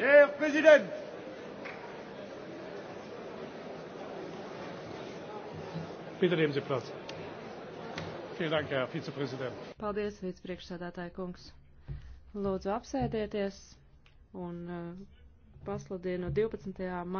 Herr Präsident! Bitte nehmen Sie Platz. Vielen Dank, Herr Vizepräsident. Paldies, vicepriekšsēdētāja kungs. Lūdzu, apsēdieties un eh, pasludinu 12. maijā.